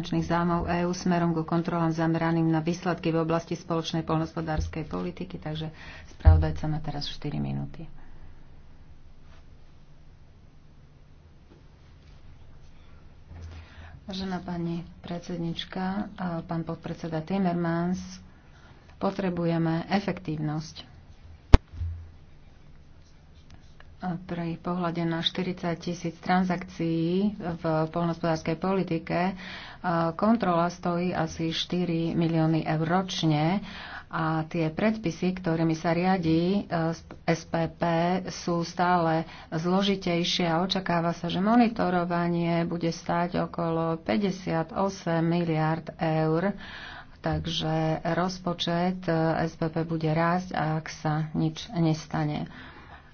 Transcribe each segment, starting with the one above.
finančných zámov EÚ smerom ku kontrolám zameraným na výsledky v oblasti spoločnej polnospodárskej politiky, takže spravodajca má teraz 4 minúty. Vážená pani predsednička, pán podpredseda Timmermans, potrebujeme efektívnosť pri pohľade na 40 tisíc transakcií v poľnohospodárskej politike e, kontrola stojí asi 4 milióny eur ročne a tie predpisy, ktorými sa riadí e, SPP, sú stále zložitejšie a očakáva sa, že monitorovanie bude stať okolo 58 miliard eur takže rozpočet e, SPP bude rásť, ak sa nič nestane.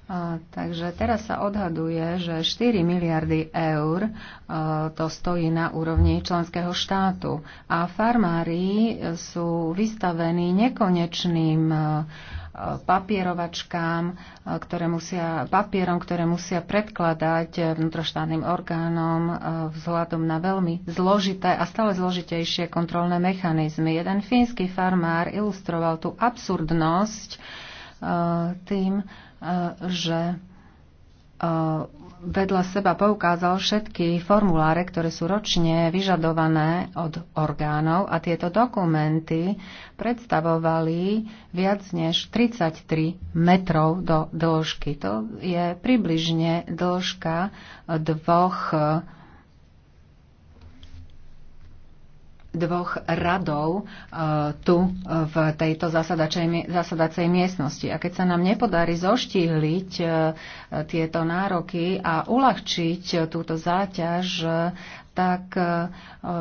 A, takže teraz sa odhaduje, že 4 miliardy eur a, to stojí na úrovni členského štátu. A farmári sú vystavení nekonečným a, papierovačkám, ktoré musia, papierom, ktoré musia predkladať vnútroštátnym orgánom vzhľadom na veľmi zložité a stále zložitejšie kontrolné mechanizmy. Jeden fínsky farmár ilustroval tú absurdnosť tým, e, že e, vedľa seba poukázal všetky formuláre, ktoré sú ročne vyžadované od orgánov a tieto dokumenty predstavovali viac než 33 metrov do dĺžky. To je približne dĺžka dvoch dvoch radov e, tu e, v tejto zasadacej miestnosti. A keď sa nám nepodarí zoštíhliť e, tieto nároky a uľahčiť túto záťaž tak e,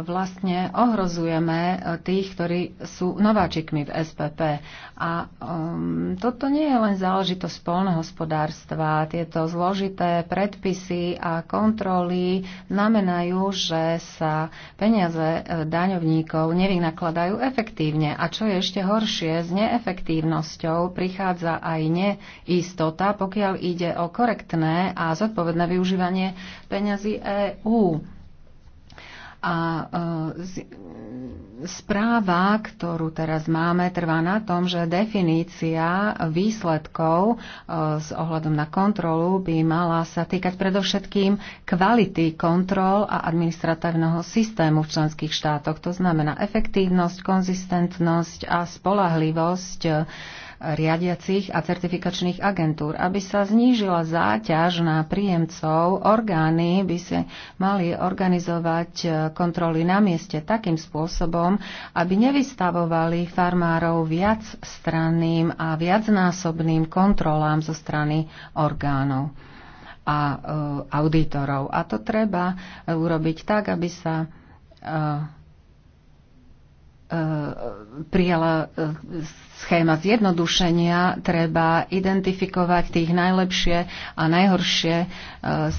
vlastne ohrozujeme e, tých, ktorí sú nováčikmi v SPP. A um, toto nie je len záležitosť polnohospodárstva. Tieto zložité predpisy a kontroly znamenajú, že sa peniaze e, daňovníkov nevynakladajú efektívne. A čo je ešte horšie, s neefektívnosťou prichádza aj neistota, pokiaľ ide o korektné a zodpovedné využívanie peňazí EÚ. A e, správa, ktorú teraz máme, trvá na tom, že definícia výsledkov e, s ohľadom na kontrolu by mala sa týkať predovšetkým kvality kontrol a administratívneho systému v členských štátoch. To znamená efektívnosť, konzistentnosť a spolahlivosť e, riadiacich a certifikačných agentúr. Aby sa znížila záťaž na príjemcov, orgány by sa mali organizovať e, kontroly na mieste takým spôsobom, aby nevystavovali farmárov viac stranným a viacnásobným kontrolám zo strany orgánov a e, auditorov. A to treba e, urobiť tak, aby sa prijala schéma zjednodušenia treba identifikovať tých najlepšie a najhoršie e,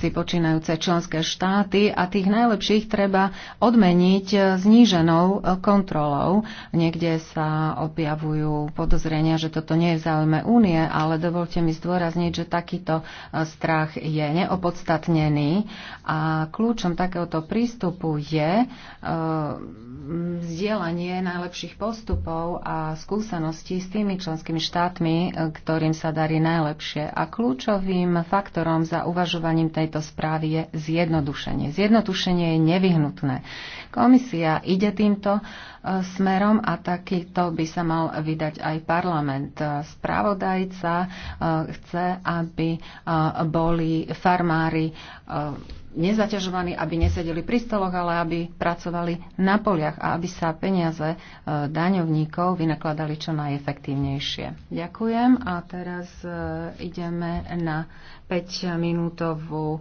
si počínajúce členské štáty a tých najlepších treba odmeniť e, zníženou e, kontrolou. Niekde sa objavujú podozrenia, že toto nie je v záujme únie, ale dovolte mi zdôrazniť, že takýto strach je neopodstatnený a kľúčom takéhoto prístupu je zdieľanie najlepších postupov a skúseností súvislosti s tými členskými štátmi, e, ktorým sa darí najlepšie. A kľúčovým faktorom za uvažovaním tejto správy je zjednodušenie. Zjednodušenie je nevyhnutné. Komisia ide týmto e, smerom a takýto by sa mal vydať aj parlament. E, Spravodajca chce, aby boli farmári nezaťažovaní, aby nesedeli pri stoloch, ale aby pracovali na poliach a aby sa peniaze e, daňovníkov vynakladali čo najefektívnejšie. Ďakujem a teraz e, ideme na 5-minútovú e,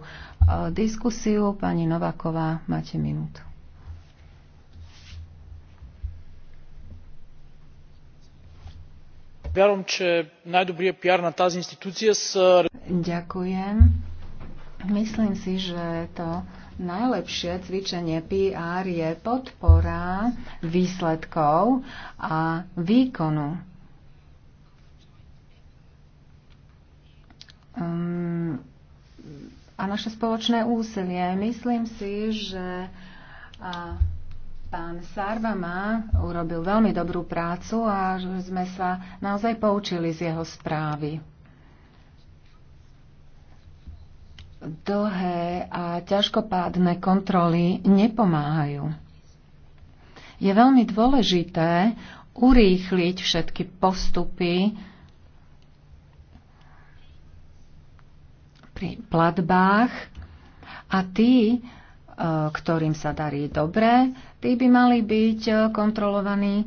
diskusiu. Pani Nováková, máte minútu. Ďakujem. че пиар на тази Myslím si, že to najlepšie cvičenie PR je podpora výsledkov a výkonu. Um, a naše spoločné úsilie. Myslím si, že a, pán Sarvama urobil veľmi dobrú prácu a že sme sa naozaj poučili z jeho správy. Dlhé a ťažkopádne kontroly nepomáhajú. Je veľmi dôležité urýchliť všetky postupy pri platbách a tí, e, ktorým sa darí dobre, tí by mali byť e, kontrolovaní e,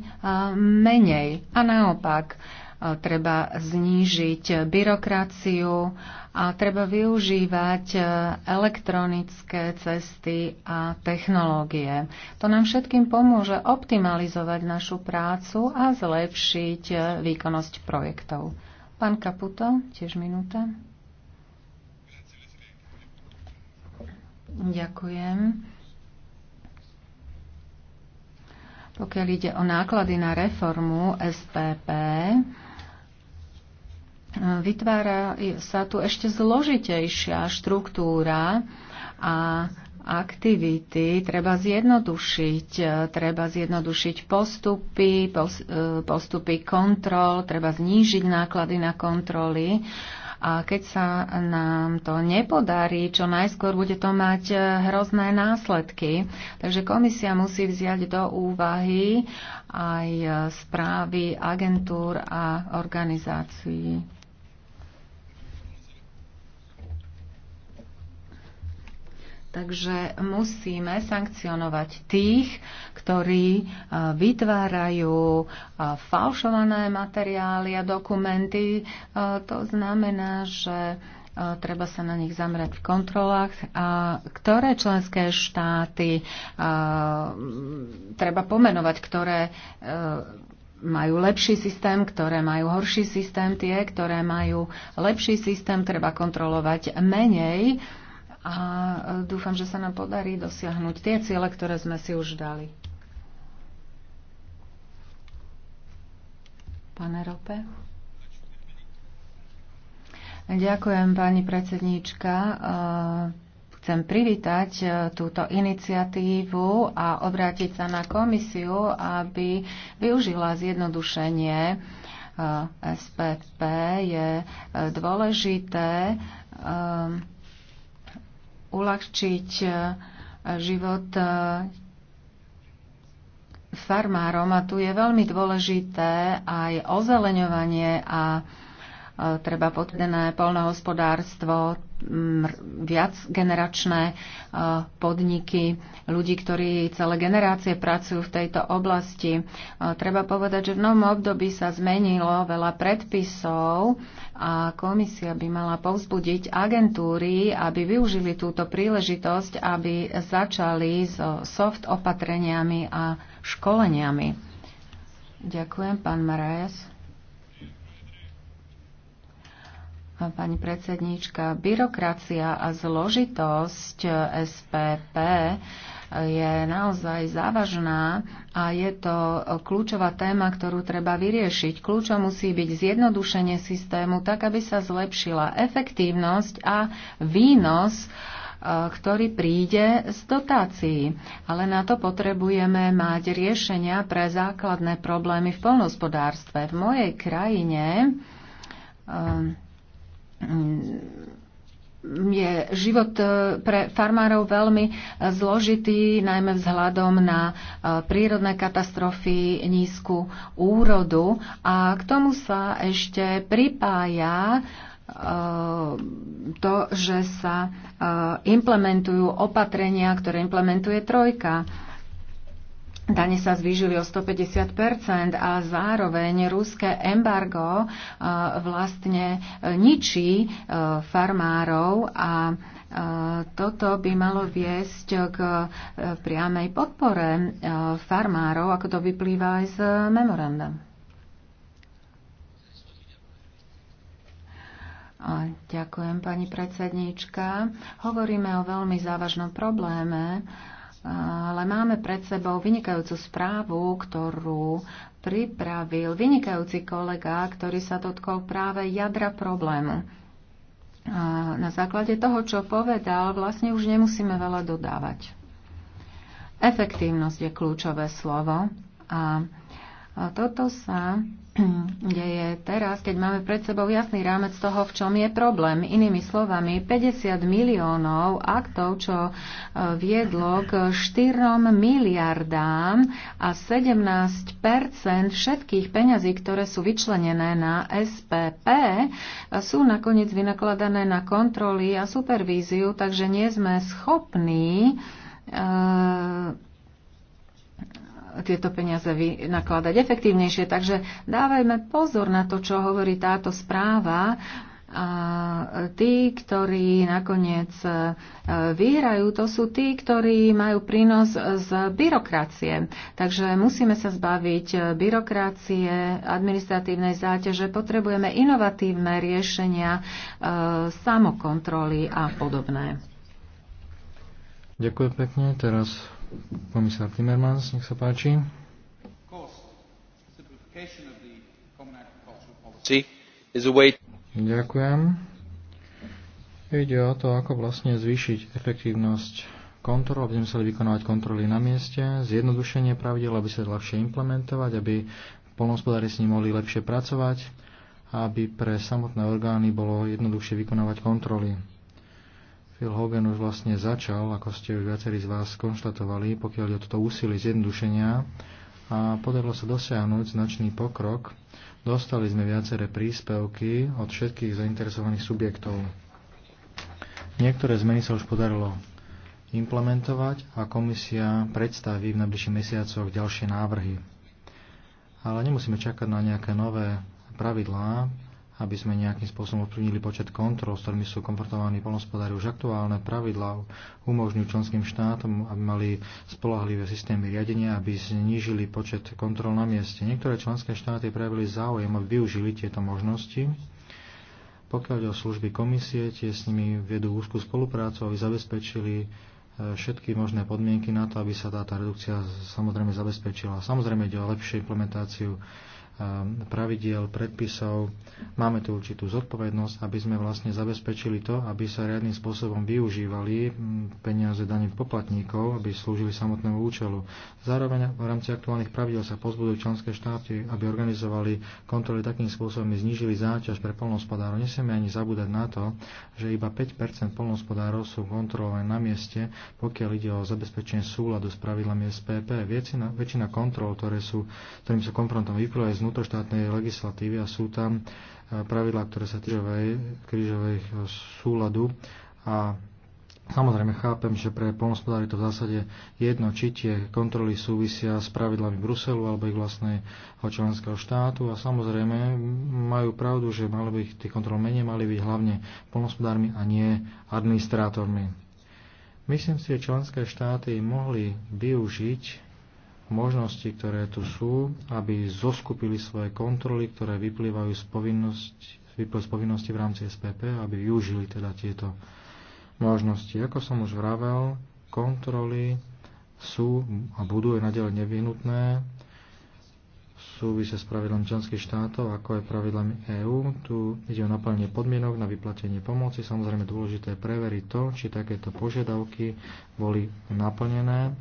menej. A naopak, treba znížiť byrokraciu a treba využívať e, elektronické cesty a technológie. To nám všetkým pomôže optimalizovať našu prácu a zlepšiť e, výkonnosť projektov. Pán Kaputo, tiež minúta. Ďakujem. Pokiaľ ide o náklady na reformu SPP, vytvára sa tu ešte zložitejšia štruktúra a aktivity treba zjednodušiť. E, treba zjednodušiť postupy, e, postupy kontrol, treba znížiť náklady na kontroly. A keď sa nám to nepodarí, čo najskôr bude to mať e, hrozné následky. Takže komisia musí vziať do úvahy aj správy agentúr a organizácií. Takže musíme sankcionovať tých, ktorí e, vytvárajú e, falšované materiály a dokumenty. E, to znamená, že treba sa na nich zamerať v kontrolách a ktoré členské štáty treba pomenovať, ktoré majú lepší systém, ktoré majú horší systém, tie, ktoré majú lepší systém, treba kontrolovať menej a e, dúfam, že sa nám podarí dosiahnuť tie ciele, ktoré sme si už dali. Pane Rope? Ďakujem, pani predsedníčka. E, chcem privítať e, túto iniciatívu a obrátiť sa na komisiu, aby využila zjednodušenie SPP. Je dôležité uľahčiť e, život e, farmárom a tu je veľmi dôležité aj ozeleňovanie a e, treba potrebené polnohospodárstvo viacgeneračné e, podniky, ľudí, ktorí celé generácie pracujú v tejto oblasti. E, treba povedať, že v novom období sa zmenilo veľa predpisov a komisia by mala povzbudiť agentúry, aby využili túto príležitosť, aby začali so soft opatreniami a školeniami. Ďakujem, pán Marajas. pani predsedníčka. Byrokracia a zložitosť SPP je naozaj závažná a je to kľúčová téma, ktorú treba vyriešiť. Kľúčom musí byť zjednodušenie systému, tak aby sa zlepšila efektívnosť a výnos e, ktorý príde z dotácií. Ale na to potrebujeme mať riešenia pre základné problémy v polnospodárstve. V mojej krajine um, Mm, je život e, pre farmárov veľmi e, zložitý, najmä vzhľadom na e, prírodné katastrofy, nízku úrodu a k tomu sa ešte pripája to, že sa implementujú opatrenia, ktoré implementuje trojka Dane sa zvýšili o 150 a zároveň ruské embargo e, vlastne e, ničí e, farmárov a toto by malo viesť k priamej podpore farmárov, ako to vyplýva aj z memoranda. Ďakujem, pani predsedníčka. Hovoríme o veľmi závažnom probléme ale máme pred sebou vynikajúcu správu, ktorú pripravil vynikajúci kolega, ktorý sa dotkol práve jadra problému. A na základe toho, čo povedal, vlastne už nemusíme veľa dodávať. Efektívnosť je kľúčové slovo a toto sa je teraz, keď máme pred sebou jasný rámec toho, v čom je problém. Inými slovami, 50 miliónov aktov, čo e, viedlo k 4 miliardám a 17 všetkých peňazí, ktoré sú vyčlenené na SPP, sú nakoniec vynakladané na kontroly a supervíziu, takže nie sme schopní e, tieto peniaze nakladať efektívnejšie. Takže dávajme pozor na to, čo hovorí táto správa. A tí, ktorí nakoniec e, vyhrajú, to sú tí, ktorí majú prínos z byrokracie. Takže musíme sa zbaviť e, byrokracie, administratívnej záťaže, potrebujeme inovatívne riešenia e, samokontroly a podobné. Ďakujem pekne. Teraz Komisár Timmermans, nech sa páči. Ďakujem. Ide o to, ako vlastne zvýšiť efektívnosť kontrol, aby sme museli vykonávať kontroly na mieste, zjednodušenie pravidel, aby sa ľahšie implementovať, aby polnohospodári s ním mohli lepšie pracovať, aby pre samotné orgány bolo jednoduchšie vykonávať kontroly. Phil Hogan už vlastne začal, ako ste už viacerí z vás konštatovali, pokiaľ je toto úsilie zjednodušenia a podarilo sa dosiahnuť značný pokrok. Dostali sme viaceré príspevky od všetkých zainteresovaných subjektov. Niektoré zmeny sa už podarilo implementovať a komisia predstaví v najbližších mesiacoch ďalšie návrhy. Ale nemusíme čakať na nejaké nové pravidlá, aby sme nejakým spôsobom ovplyvnili počet kontrol, s ktorými sú komfortovaní polnospodári. Už aktuálne pravidlá umožňujú členským štátom, aby mali spolahlivé systémy riadenia, aby znížili počet kontrol na mieste. Niektoré členské štáty prejavili záujem, aby využili tieto možnosti. Pokiaľ ide o služby komisie, tie s nimi vedú úzkú spoluprácu, aby zabezpečili e, všetky možné podmienky na to, aby sa táto redukcia samozrejme zabezpečila. Samozrejme ide o lepšiu implementáciu Ehm, pravidiel, predpisov. Máme tu určitú zodpovednosť, aby sme vlastne zabezpečili to, aby sa riadným spôsobom využívali peniaze daných poplatníkov, aby slúžili samotnému účelu. Zároveň v rámci aktuálnych pravidel sa pozbudujú členské štáty, aby organizovali kontroly takým spôsobom, aby znížili záťaž pre polnospodárov. Nesieme ani zabúdať na to, že iba 5 polnospodárov sú kontrolované na mieste, pokiaľ ide o zabezpečenie súladu s pravidlami SPP. Väčšina, kontrol, ktoré sú, ktorým sú konfrontom vyplývajú z vnútroštátnej legislatívy a sú tam e, pravidlá, ktoré sa týkajú krížovej súladu a Samozrejme chápem, že pre polnospodári to v zásade jedno, či tie kontroly súvisia s pravidlami Bruselu alebo ich vlastného členského štátu a samozrejme majú pravdu, že mali by ich tých kontrol menej, mali byť hlavne polnospodármi a nie administrátormi. Myslím si, že členské štáty mohli využiť možnosti, ktoré tu sú, aby zoskupili svoje kontroly, ktoré vyplývajú z, povinnosti, z povinnosti v rámci SPP, aby využili teda tieto možnosti. Ako som už vravel, kontroly sú a budú aj nadalej nevyhnutné súvisia s pravidlom členských štátov, ako aj pravidlami EÚ. Tu ide o naplnenie podmienok na vyplatenie pomoci. Samozrejme dôležité je preveriť to, či takéto požiadavky boli naplnené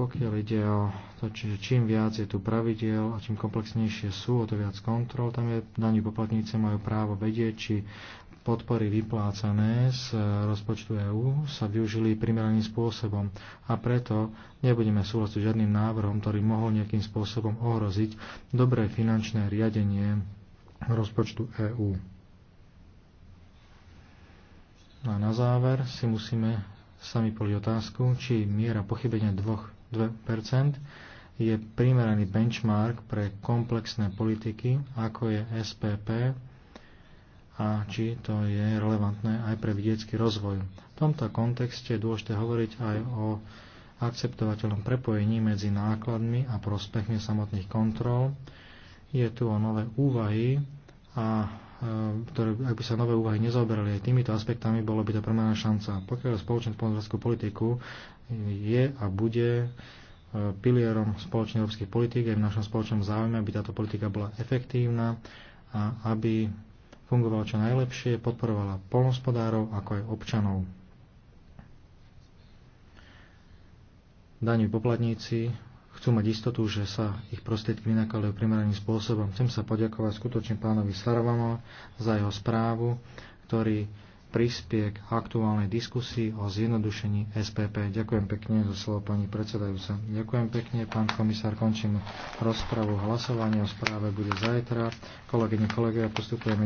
pokiaľ ide o to, čiže čím viac je tu pravidiel a čím komplexnejšie sú, o to viac kontrol, tam je daní poplatníci majú právo vedieť, či podpory vyplácané z e, rozpočtu EÚ sa využili primeraným spôsobom a preto nebudeme súhlasiť žiadnym návrhom, ktorý mohol nejakým spôsobom ohroziť dobré finančné riadenie rozpočtu EÚ. No a na záver si musíme sami poli otázku, či miera pochybenia dvoch. 2% je primeraný benchmark pre komplexné politiky, ako je SPP a či to je relevantné aj pre vidiecký rozvoj. V tomto kontexte je dôležité hovoriť aj o akceptovateľnom prepojení medzi nákladmi a prospechmi samotných kontrol. Je tu o nové úvahy a Eh, ktoré, ak by sa nové úvahy nezaoberali aj týmito aspektami, bolo by to premená šanca. Pokiaľ spoločnú spoločenskú politiku je a bude eh, pilierom spoločnej európskej politiky aj v našom spoločnom záujme, aby táto politika bola efektívna a aby fungovala čo najlepšie, podporovala polnospodárov ako aj občanov. Daní poplatníci chcú mať istotu, že sa ich prostriedky vynakladajú primeraným spôsobom. Chcem sa poďakovať skutočne pánovi Sarvama za jeho správu, ktorý prispie k aktuálnej diskusii o zjednodušení SPP. Ďakujem pekne za slovo pani predsedajúca. Ďakujem pekne, pán komisár. Končím rozpravu. Hlasovanie o správe bude zajtra. Kolegyne, kolegovia, postupujeme